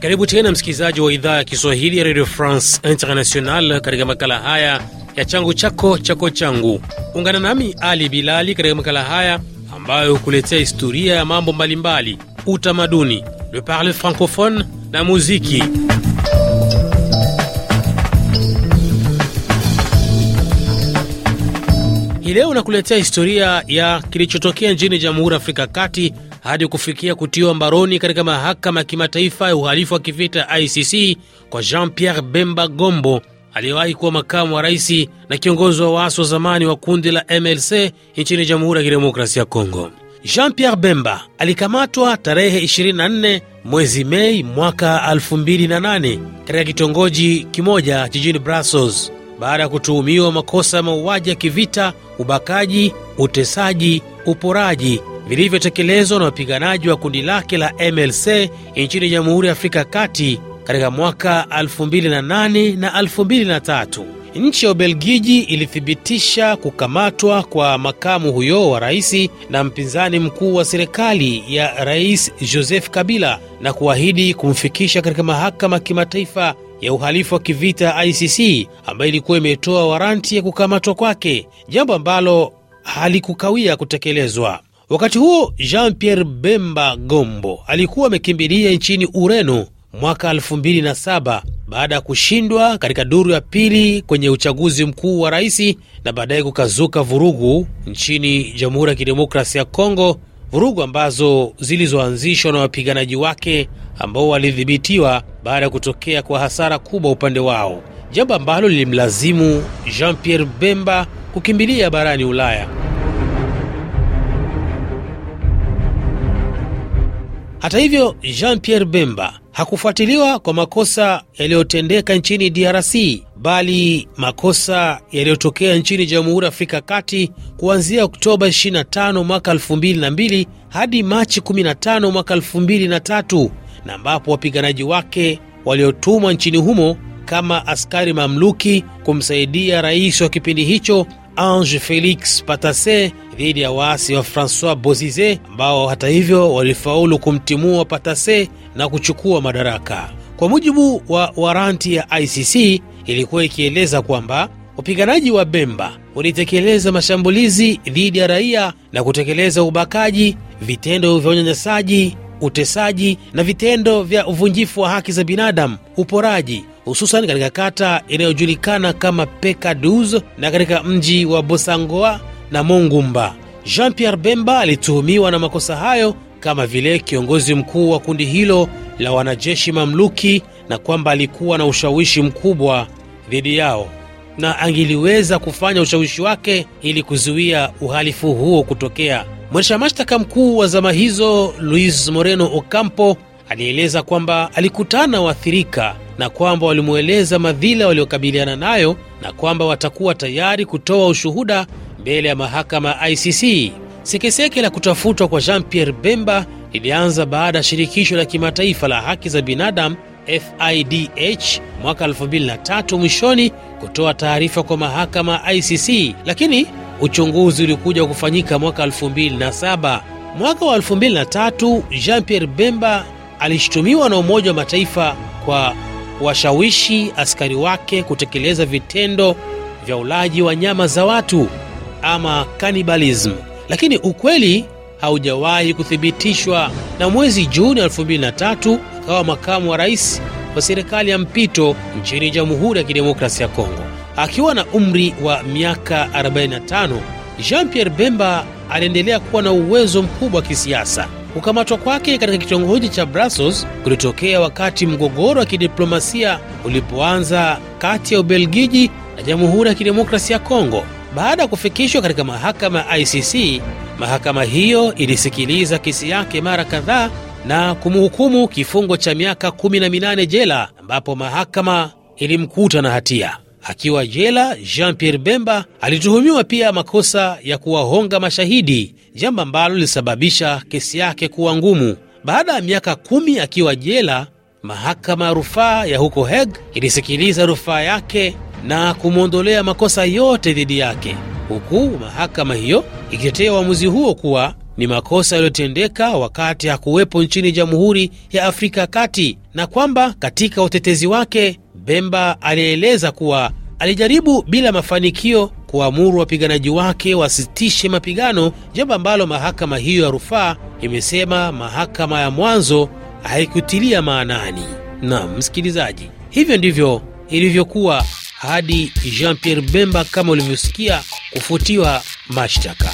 Karibu tena msikilizaji wa idhaa ya Kiswahili ya Radio France International katika makala haya ya changu chako chako changu. Ungana nami Ali Bilali katika makala haya ambayo hukuletea historia ya mambo mbalimbali, utamaduni, le parle francophone na muziki. Hii leo nakuletea historia ya kilichotokea nchini Jamhuri ya Afrika ya Kati hadi kufikia kutiwa mbaroni katika mahakama ya kimataifa ya uhalifu wa kivita ICC kwa Jean-Pierre Bemba Gombo aliyewahi kuwa makamu wa rais na kiongozi wa waasi wa zamani wa kundi la MLC nchini Jamhuri ya Kidemokrasia ya Kongo. Jean-Pierre Bemba alikamatwa tarehe 24 mwezi Mei mwaka 2008 katika kitongoji kimoja jijini Brussels baada ya kutuhumiwa makosa ya mauaji ya kivita, ubakaji, utesaji, uporaji vilivyotekelezwa na wapiganaji wa kundi lake la MLC nchini Jamhuri ya Afrika ya Kati katika mwaka 2008 na 2003. Nchi ya Ubelgiji ilithibitisha kukamatwa kwa makamu huyo wa rais na mpinzani mkuu wa serikali ya Rais Joseph Kabila na kuahidi kumfikisha katika mahakama ya kimataifa ya uhalifu wa kivita ICC, ambayo ilikuwa imetoa waranti ya kukamatwa kwake, jambo ambalo halikukawia kutekelezwa. Wakati huo Jean Pierre Bemba Gombo alikuwa amekimbilia nchini Ureno mwaka 2007 baada ya kushindwa katika duru ya pili kwenye uchaguzi mkuu wa rais, na baadaye kukazuka vurugu nchini Jamhuri ya Kidemokrasia ya Kongo, vurugu ambazo zilizoanzishwa na wapiganaji wake ambao walidhibitiwa baada ya kutokea kwa hasara kubwa upande wao, jambo ambalo lilimlazimu Jean Pierre Bemba kukimbilia barani Ulaya. Hata hivyo, Jean Pierre Bemba hakufuatiliwa kwa makosa yaliyotendeka nchini DRC bali makosa yaliyotokea nchini Jamhuri ya Afrika ya Kati kuanzia Oktoba 25 mwaka 2002 hadi Machi 15 mwaka 2003 na ambapo wapiganaji wake waliotumwa nchini humo kama askari mamluki kumsaidia rais wa kipindi hicho Ange Felix patase dhidi ya waasi wa Francois Bozize ambao hata hivyo walifaulu kumtimua patase na kuchukua madaraka. Kwa mujibu wa waranti ya ICC, ilikuwa ikieleza kwamba wapiganaji wa Bemba walitekeleza mashambulizi dhidi ya raia na kutekeleza ubakaji, vitendo vya unyanyasaji, utesaji na vitendo vya uvunjifu wa haki za binadamu, uporaji hususan katika kata inayojulikana kama Pekaduz na katika mji wa Bosangoa na Mongumba. Jean Pierre Bemba alituhumiwa na makosa hayo kama vile kiongozi mkuu wa kundi hilo la wanajeshi mamluki na kwamba alikuwa na ushawishi mkubwa dhidi yao na angiliweza kufanya ushawishi wake ili kuzuia uhalifu huo kutokea. Mwendesha mashtaka mkuu wa zama hizo Luis Moreno Ocampo alieleza kwamba alikutana waathirika na kwamba walimweleza madhila waliokabiliana nayo na kwamba watakuwa tayari kutoa ushuhuda mbele ya mahakama ya ICC. Sekeseke la kutafutwa kwa Jean Pierre Bemba lilianza baada ya shirikisho la kimataifa la haki za binadamu FIDH mwaka 2003 mwishoni kutoa taarifa kwa mahakama ICC, lakini uchunguzi ulikuja kufanyika mwaka 2007. Mwaka wa 2003 Jean Pierre Bemba alishutumiwa na Umoja wa Mataifa kwa washawishi askari wake kutekeleza vitendo vya ulaji wa nyama za watu ama kanibalism, lakini ukweli haujawahi kuthibitishwa. Na mwezi Juni 2003 akawa makamu wa rais wa serikali ya mpito nchini Jamhuri ya Kidemokrasia ya Kongo akiwa na umri wa miaka 45. Jean Pierre Bemba aliendelea kuwa na uwezo mkubwa wa kisiasa Kukamatwa kwake katika kitongoji cha Brussels kulitokea wakati mgogoro wa kidiplomasia ulipoanza kati ya Ubelgiji na Jamhuri ya Kidemokrasia ya Kongo. Baada ya kufikishwa katika mahakama ya ICC, mahakama hiyo ilisikiliza kesi yake mara kadhaa na kumhukumu kifungo cha miaka 18 jela, ambapo mahakama ilimkuta na hatia. Akiwa jela, Jean Pierre Bemba alituhumiwa pia makosa ya kuwahonga mashahidi, jambo ambalo lilisababisha kesi yake kuwa ngumu. Baada ya miaka kumi akiwa jela, mahakama ya rufaa ya huko heg ilisikiliza rufaa yake na kumwondolea makosa yote dhidi yake, huku mahakama hiyo ikitetea uamuzi huo kuwa ni makosa yaliyotendeka wakati hakuwepo nchini Jamhuri ya Afrika ya Kati na kwamba katika utetezi wake Bemba alieleza kuwa alijaribu bila mafanikio kuamuru wapiganaji wake wasitishe mapigano, jambo ambalo mahakama hiyo ya rufaa imesema mahakama ya mwanzo haikutilia maanani. Na msikilizaji, hivyo ndivyo ilivyokuwa hadi Jean Pierre Bemba kama ulivyosikia kufutiwa mashtaka.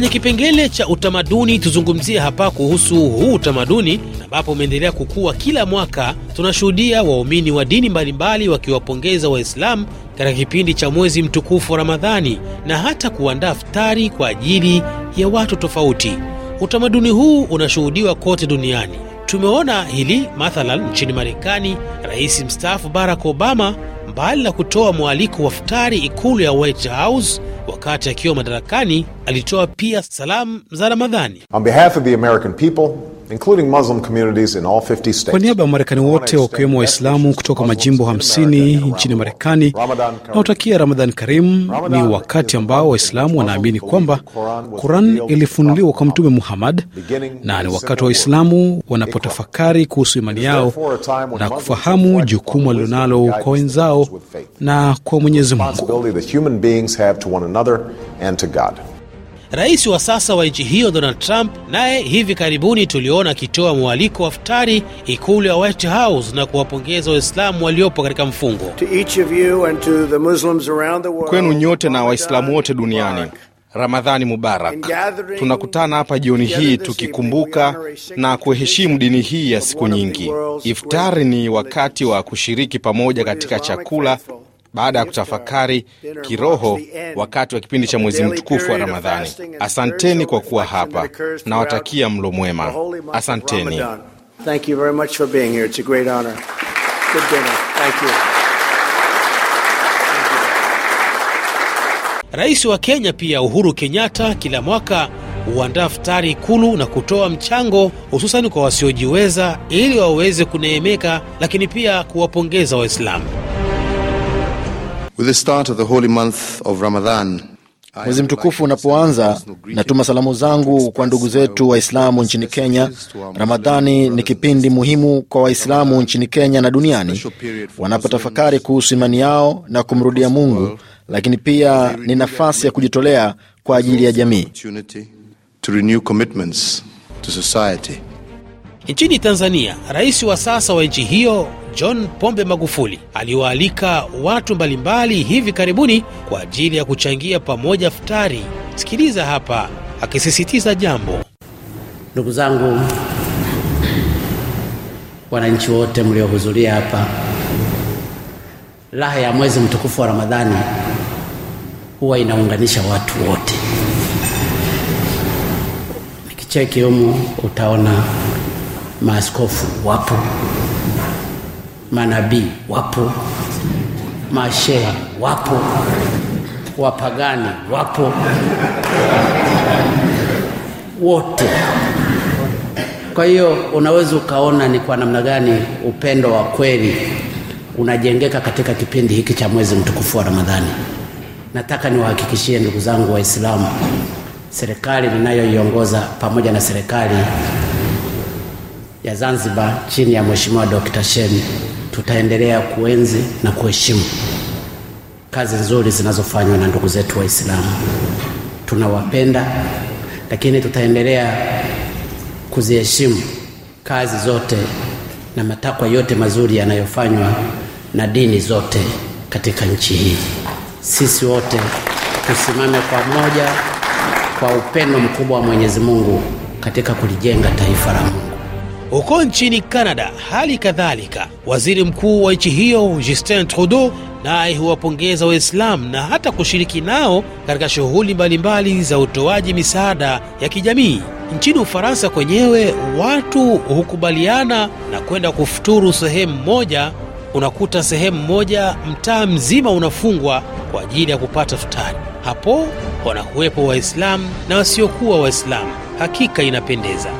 Kwenye kipengele cha utamaduni, tuzungumzie hapa kuhusu huu utamaduni ambapo umeendelea kukua. Kila mwaka tunashuhudia waumini wa dini mbalimbali wakiwapongeza Waislamu katika kipindi cha mwezi mtukufu wa Ramadhani na hata kuandaa ftari kwa ajili ya watu tofauti. Utamaduni huu unashuhudiwa kote duniani. Tumeona hili mathalan nchini Marekani, rais mstaafu Barack Obama Mbali na kutoa mwaliko wa futari ikulu ya White House wakati akiwa madarakani, alitoa pia salamu za Ramadhani. On behalf of the American people kwa niaba ya Wamarekani wote wakiwemo Waislamu kutoka majimbo 50 nchini Marekani, naotakia Ramadhan Karim. Ni wakati ambao Waislamu wanaamini kwamba Quran ilifunuliwa kwa Mtume Muhammad, na ni wakati wa Waislamu wanapotafakari kuhusu imani yao na kufahamu jukumu walilonalo kwa wenzao na kwa Mwenyezi Mungu. Rais wa sasa wa nchi hiyo Donald Trump naye hivi karibuni tuliona akitoa mwaliko wa iftari ikulu ya White House na kuwapongeza Waislamu waliopo katika mfungo. Kwenu nyote na Waislamu wote duniani, Ramadhani Mubarak. Tunakutana hapa jioni hii tukikumbuka na kuheshimu dini hii ya siku nyingi. Iftari ni wakati wa kushiriki pamoja katika chakula baada ya kutafakari kiroho wakati wa kipindi cha mwezi mtukufu wa Ramadhani. Asanteni kwa kuwa hapa, nawatakia mlo mwema. Asanteni. Rais wa Kenya pia Uhuru Kenyatta kila mwaka huandaa futari Ikulu na kutoa mchango hususani kwa wasiojiweza ili waweze kuneemeka, lakini pia kuwapongeza Waislamu. Mwezi mtukufu unapoanza, natuma salamu zangu kwa ndugu zetu Waislamu nchini Kenya. Ramadhani ni kipindi muhimu kwa Waislamu nchini Kenya na duniani, wanapotafakari kuhusu imani yao na kumrudia Mungu, lakini pia ni nafasi ya kujitolea kwa ajili ya jamii. Nchini Tanzania, rais wa sasa wa nchi hiyo John Pombe Magufuli aliwaalika watu mbalimbali hivi karibuni kwa ajili ya kuchangia pamoja ftari Sikiliza hapa akisisitiza jambo. Ndugu zangu, wananchi wote mliohudhuria hapa, raha ya mwezi mtukufu wa Ramadhani huwa inaunganisha watu wote. Nikicheki humu utaona maaskofu wapo, manabii wapo, masheha wapo, wapagani wapo, wote. Kwa hiyo unaweza ukaona ni kwa namna gani upendo wa kweli unajengeka katika kipindi hiki cha mwezi mtukufu wa Ramadhani. Nataka niwahakikishie ndugu zangu Waislamu, serikali ninayoiongoza pamoja na serikali ya Zanzibar chini ya Mheshimiwa Dr. Shein tutaendelea kuenzi na kuheshimu kazi nzuri zinazofanywa na ndugu zetu Waislamu. Tunawapenda, lakini tutaendelea kuziheshimu kazi zote na matakwa yote mazuri yanayofanywa na dini zote katika nchi hii. Sisi wote tusimame pamoja kwa upendo mkubwa wa Mwenyezi Mungu katika kulijenga taifa la Mungu. Huko nchini Canada hali kadhalika, waziri mkuu wa nchi hiyo Justin Trudeau naye huwapongeza Waislamu na hata kushiriki nao katika shughuli mbalimbali za utoaji misaada ya kijamii. Nchini Ufaransa kwenyewe watu hukubaliana na kwenda kufuturu sehemu moja. Unakuta sehemu moja mtaa mzima unafungwa kwa ajili ya kupata futari. Hapo wanakuwepo Waislamu na wasiokuwa Waislamu. Hakika inapendeza.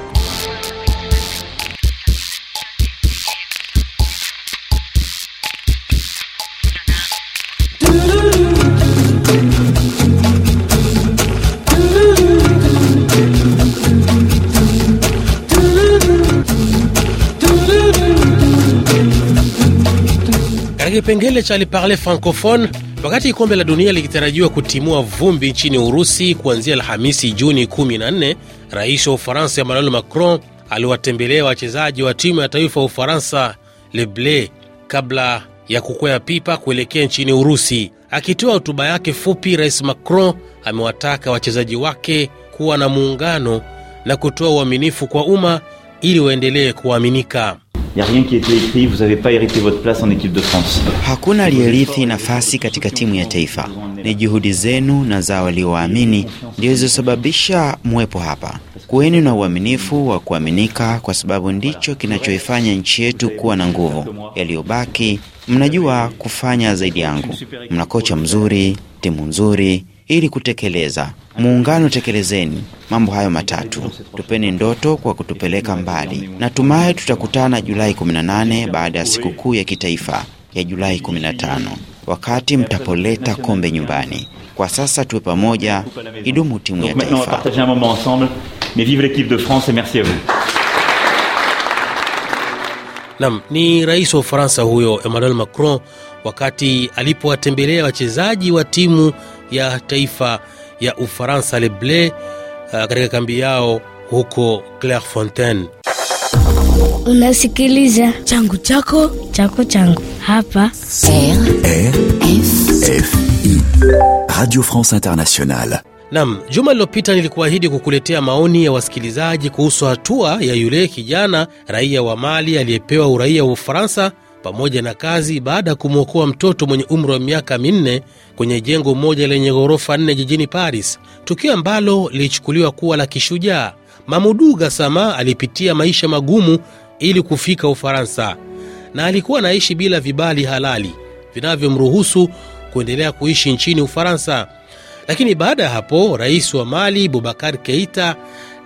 katika kipengele cha Liparle Francophone, wakati kombe la dunia likitarajiwa kutimua vumbi nchini Urusi kuanzia Alhamisi Juni 14, rais wa Ufaransa Emmanuel Macron aliwatembelea wachezaji wa timu ya taifa ya Ufaransa Le Bleu kabla ya kukwea pipa kuelekea nchini Urusi. Akitoa hotuba yake fupi, Rais Macron amewataka wachezaji wake kuwa na muungano na kutoa uaminifu kwa umma ili waendelee kuaminika. Il n'y a rien qui était écrit, vous n'avez pas hérité votre place en équipe de France. Hakuna aliyerithi nafasi katika timu ya taifa. Ni juhudi zenu na za walioamini ndio zilizosababisha mwepo hapa. Kuweni na uaminifu wa kuaminika, kwa sababu ndicho kinachoifanya nchi yetu kuwa na nguvu. Yaliyobaki mnajua kufanya zaidi yangu. Mna kocha mzuri, timu nzuri, ili kutekeleza muungano, tekelezeni mambo hayo matatu. Tupeni ndoto kwa kutupeleka mbali. Natumai tutakutana Julai 18 baada ya sikukuu ya kitaifa ya Julai 15 wakati mtapoleta kombe nyumbani. Kwa sasa tuwe pamoja, idumu timu ya taifa. Nam ni rais wa Ufaransa huyo Emmanuel Macron wakati alipowatembelea wachezaji wa timu ya taifa ya Ufaransa Le Bleu uh, katika kambi yao huko Clairefontaine. Unasikiliza changu chako chako changu hapa RFI Radio France Internationale. Nam, juma lilopita nilikuahidi kukuletea maoni ya wasikilizaji kuhusu hatua ya yule kijana raia wa Mali aliyepewa uraia wa Ufaransa pamoja na kazi baada ya kumwokoa mtoto mwenye umri wa miaka minne kwenye jengo moja lenye ghorofa nne jijini Paris, tukio ambalo lilichukuliwa kuwa la kishujaa. Mamudu Gassama alipitia maisha magumu ili kufika Ufaransa, na alikuwa anaishi bila vibali halali vinavyomruhusu kuendelea kuishi nchini Ufaransa. Lakini baada ya hapo, rais wa Mali Bubakar Keita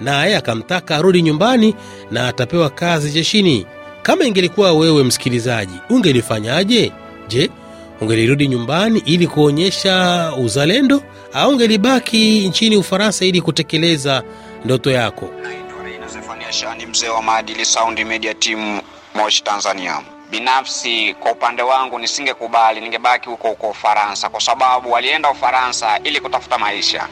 naye akamtaka arudi nyumbani na atapewa kazi jeshini. Kama ingelikuwa wewe msikilizaji, ungelifanyaje? Je, ungelirudi nyumbani ili kuonyesha uzalendo au ungelibaki nchini Ufaransa ili kutekeleza ndoto yako? Naitwa mzee wa maadili, Sound Media Team, Moshi, Tanzania. Binafsi kwa upande wangu nisingekubali, ningebaki huko huko Ufaransa, kwa sababu walienda Ufaransa ili kutafuta maisha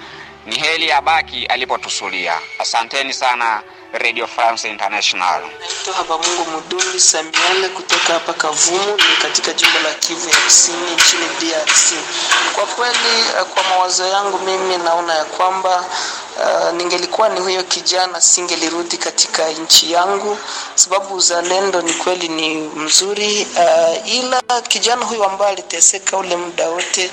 ni heli ya baki alipotusulia. Asanteni sana Radio France International. Naitwa Mungu Mudumbi Samiale kutoka hapa Kavumu, ni katika jimbo la Kivu ya Kusini nchini DRC. Kwa kweli, eh, kwa mawazo yangu mimi naona ya kwamba Eh, ningelikuwa ni huyo kijana singelirudi katika nchi yangu, sababu uzalendo ni kweli ni mzuri. Uh, ila kijana huyo ambaye aliteseka ule muda wote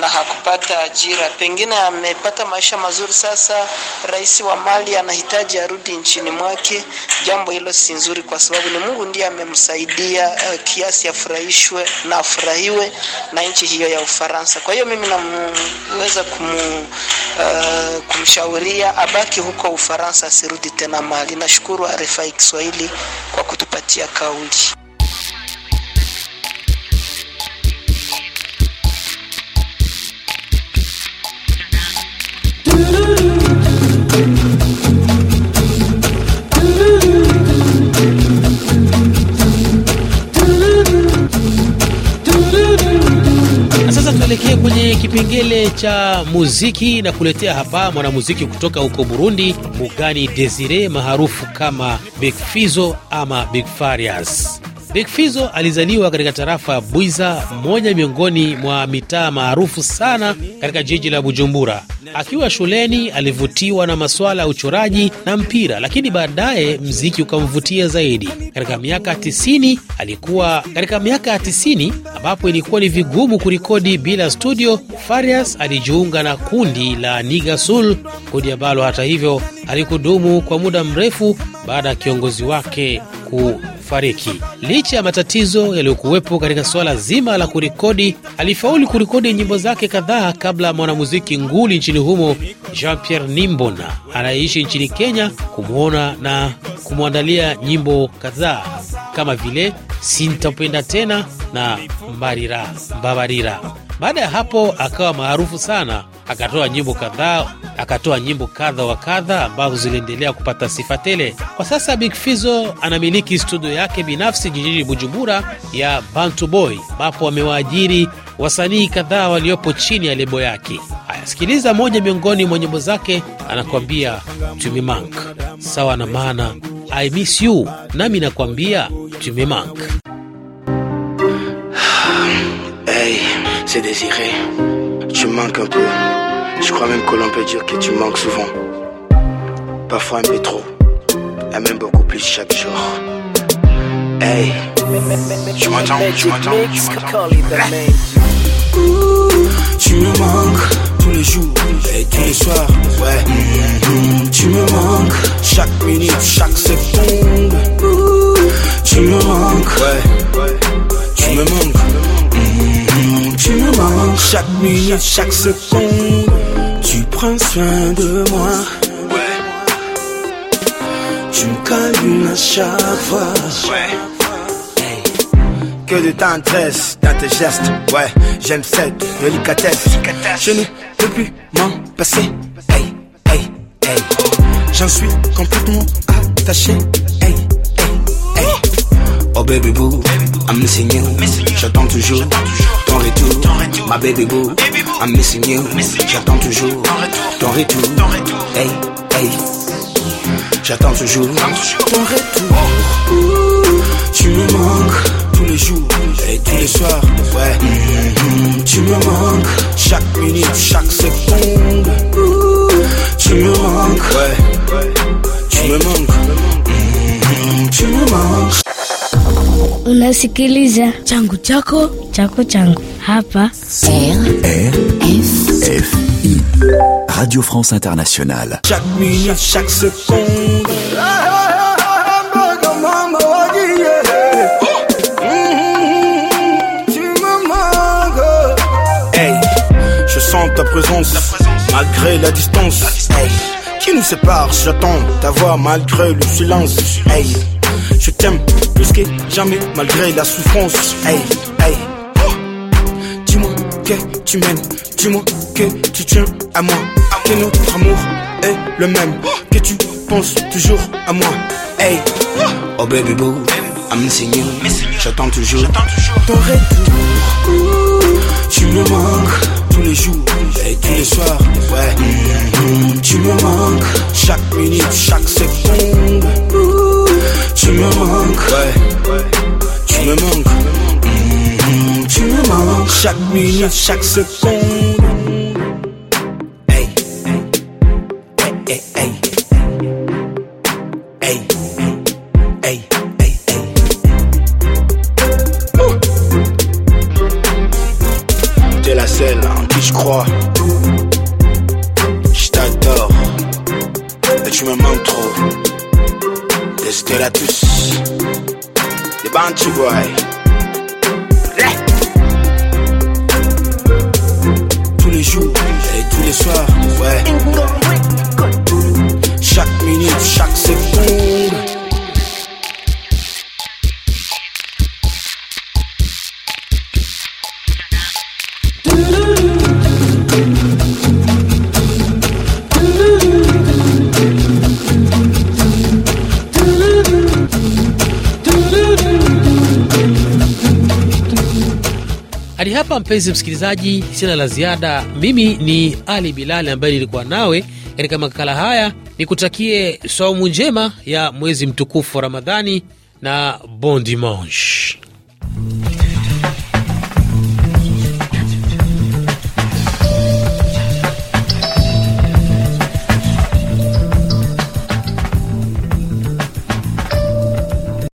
na hakupata ajira, pengine amepata maisha mazuri. Sasa rais wa Mali anahitaji arudi nchini mwake, jambo hilo si nzuri, kwa sababu ni Mungu ndiye amemsaidia uh, kiasi afurahishwe na afurahiwe na nchi hiyo ya Ufaransa. Kwa hiyo mimi namweza kumshauri uh, kumshauri Kuria abaki huko Ufaransa, asirudi tena Mali. Nashukuru RFI Kiswahili kwa kutupatia kauli. kipengele cha muziki na kuletea hapa mwanamuziki kutoka huko Burundi, Mugani Desire maarufu kama Big ama Big Big Fizzo alizaliwa katika tarafa ya Bwiza, moja miongoni mwa mitaa maarufu sana katika jiji la Bujumbura. Akiwa shuleni alivutiwa na masuala ya uchoraji na mpira, lakini baadaye mziki ukamvutia zaidi. Katika miaka tisini alikuwa katika miaka ya tisini ambapo ilikuwa ni vigumu kurekodi bila studio, Farias alijiunga na kundi la Niga Soul, kundi ambalo hata hivyo alikudumu kwa muda mrefu baada ya kiongozi wake ku kufariki. Licha ya matatizo yaliyokuwepo katika suala zima la kurekodi, alifaulu kurekodi nyimbo zake kadhaa kabla ya mwanamuziki nguli nchini humo Jean Pierre Nimbona anayeishi nchini Kenya kumwona na kumwandalia nyimbo kadhaa kama vile sintapenda tena na mbarira mbabarira. Baada ya hapo akawa maarufu sana, akatoa nyimbo kadhaa, akatoa nyimbo kadha wa kadha ambazo ziliendelea kupata sifa tele. Kwa sasa Big fizo anamiliki studio yake binafsi jijini Bujumbura ya Bantu Boy, ambapo amewaajiri wasanii kadhaa waliopo chini ya lebo yake. ayasikiliza moja miongoni mwa nyimbo zake, anakuambia tumimank, sawa na maana I you, nami nakuambia tumimank. C'est désiré Tu manques un peu. Je crois même que l'on peut dire que tu manques souvent. Parfois un peu trop. Et même beaucoup plus chaque jour. Hey, tu m'entends, tu m'entends, tu me manques tous les jours et tous les soirs. Ouais, mm-hmm. tu me manques chaque minute, chaque seconde. tu me manques, ouais, tu me manques tu me manques. Chaque minute, chaque seconde, tu prends soin de moi. Tu me calmes à chaque fois. Que de tendresse dans tes gestes, ouais, j'aime cette délicatesse. Je ne peux plus m'en passer. Hey, J'en suis complètement attaché. hey. Oh baby boo, I'm missing you. J'attends toujours retour, ma baby boo, I'm missing you, j'attends toujours ton retour, hey, hey, j'attends toujours ton retour, oh. tu me manques tous les jours et tous les soirs, ouais, mm-hmm. tu me manques chaque minute, chaque seconde, tu me manques, ouais, tu me manques, mm-hmm. tu me manques. On a Unasikiliza changu chako chako changu hapa i Radio France Internationale. Chaque minute, chaque seconde. Hey, je sens ta présence, malgré la distance. qui nous sépare, j'attends ta voix malgré le silence. Hey, je t'aime plus que jamais malgré la souffrance. Hey, hey. Oh. Dis-moi que tu m'aimes, dis-moi que tu tiens à moi, que notre amour est le même, que tu penses toujours à moi. Hey, oh baby boo, I'm missing you, j'attends toujours ton retour. Tu me manques tous les jours et tous les soirs, mm-hmm. Tu me manques chaque minute, chaque seconde. Tu me manques. Ouais. Tu me manques. Mm-hmm. tu me manques. Chaque minute, chaque seconde. Hey. Hey, hey, hey. Hey. T'es la seule en qui je crois. to the touche. The Bantu boy. hapa mpenzi msikilizaji, sina la ziada. Mimi ni Ali Bilali ambaye nilikuwa nawe katika makala haya, nikutakie saumu njema ya mwezi mtukufu wa Ramadhani na bon dimanche.